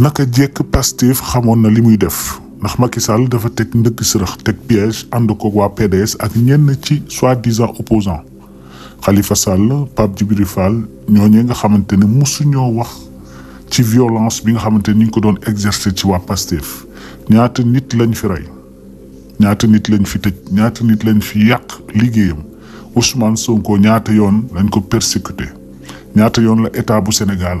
naka jekk Pastef xamoon na li muy def ndax Macky Sall dafa teg ndëgg sërëx teg piège ànd ko waa PDS ak ñenn ci soi-disant opposant Khalifa Sall Pape Djibril Fall ñooñee nga xamante ne mosuñoo wax ci violence bi nga xamante ni ñu ngi ko doon exercer ci waa Pastef ñaata nit lañ fi rey ñaata nit lañ fi tëj ñaata nit lañ fi yàq liggéeyam Ousmane Sonko ñaata yoon lañ ko persécuté ñaata yoon la état bu Sénégal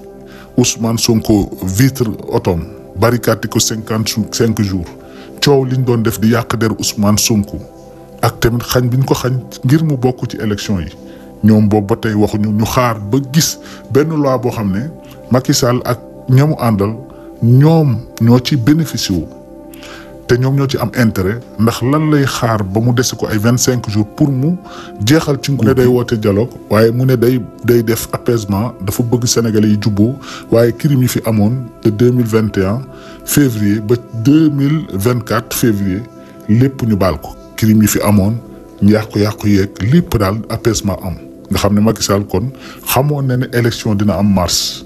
Ousmane Sonko vitre otom barricade ko cinquante cinq jours coow liñ doon def di yàq der Ousmane Sonko ak tamit xañ biñ ko xañ ngir mu bokk ci élection yi ñoom boobu ba tey waxuñu ñu xaar ba gis benn loi boo xam ne Macky ak ñamu àndal ñoom ñoo ci bénéficié wu. té ñom ñoo ci am intérêt ndax lan lay xaar ba mu dese ko ay 25 jours pour mu jéxal ci nguur day woté dialogue waye mu né day day def apaisement dafa bëgg Sénégalais yi jubbu waye crime yi fi amone de 2021 février ba 2024 février lépp ñu bal ko crime yi fi amone ñu yàqu-yàqu yeeg lépp dal apaisement am nga xamné Macky Sall kon xamone né élection dina am mars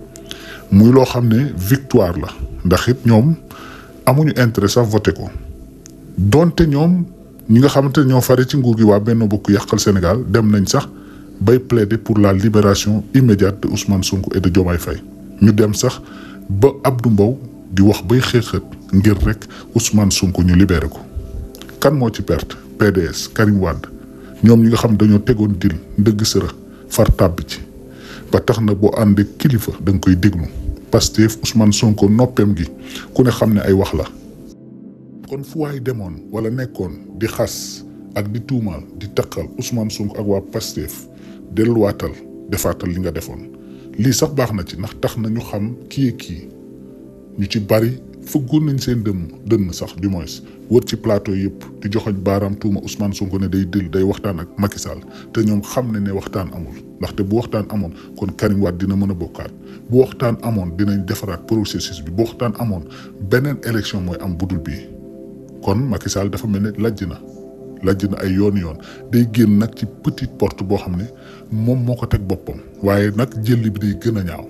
muy loo xam ne victoire la ndax it ñoom amuñu intérêt sax voté ko donte ñoom ñi nga xamante ñoo fare ci nguur gi waa benn Bokk Yàqal Sénégal dem nañ sax bay plaider pour la libération immédiate de Ousmane Sonko et de Diomaye Faye ñu dem sax ba Abdou Mbow di wax bay xëexët ngir rek Ousmane Sonko ñu libéré ko kan moo ci perte PDS Karim Wade ñoom ñi nga xam dañoo tegoon dil ndëgg sëra far tàbb ci ba tax na boo ànd kilifa da nga koy déglu Pastef Ousmane Sonko noppem gi ku ne xam ne ay wax la. kon fu waay demoon wala nekkoon di xas ak di tuumaal di taqal Ousmane sunk ak waa Pastef delluwaatal defaatal li nga defoon lii sax baax na ci ndax tax na ñu xam kii ki ñu ci bari. fëggoon nañ seen dëmm dënn sax du moins wër ci plateau yëpp di joxoñ baaraam tuuma Ousmane Sonko ne day dil day waxtaan ak Macky Sall te ñoom xam ne ne waxtaan amul ndaxte bu waxtaan amoon kon Karim Wade dina mën a bokkaat bu waxtaan amoon dinañ defaraat processus bi bu waxtaan amoon beneen élection mooy am budul bii kon Macky Sall dafa mel ne lajj na lajj na ay yoon yoon day génn nag ci petite porte boo xam ne moom moo ko teg boppam waaye nag jëlli bi day gën a ñaaw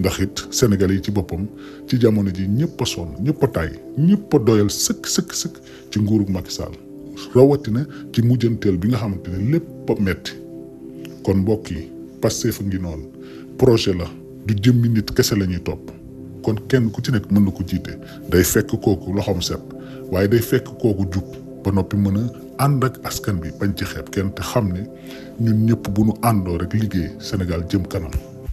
ndax it sénégalais yi ci boppam ci jamono ji ñëpp son sonn ñëpp tay ñëpp doyal sëkk sëkk sëkk ci nguurug Macky Sall rawatina ci mujjanteel bi nga xamantene metti kon mbokki passé fa ngi noonu projet la du jëmmi nit kese lañuy topp kon kenn ku ci nekk mën na ko jiite day fekk kooku loxom set waaye day fekk kooku jub ba noppi mën a ànd ak askan bi bañ ci xeeb kenn te xam ñun ñëpp bu nu àndoo rek liggéey Sénégal jëm kanam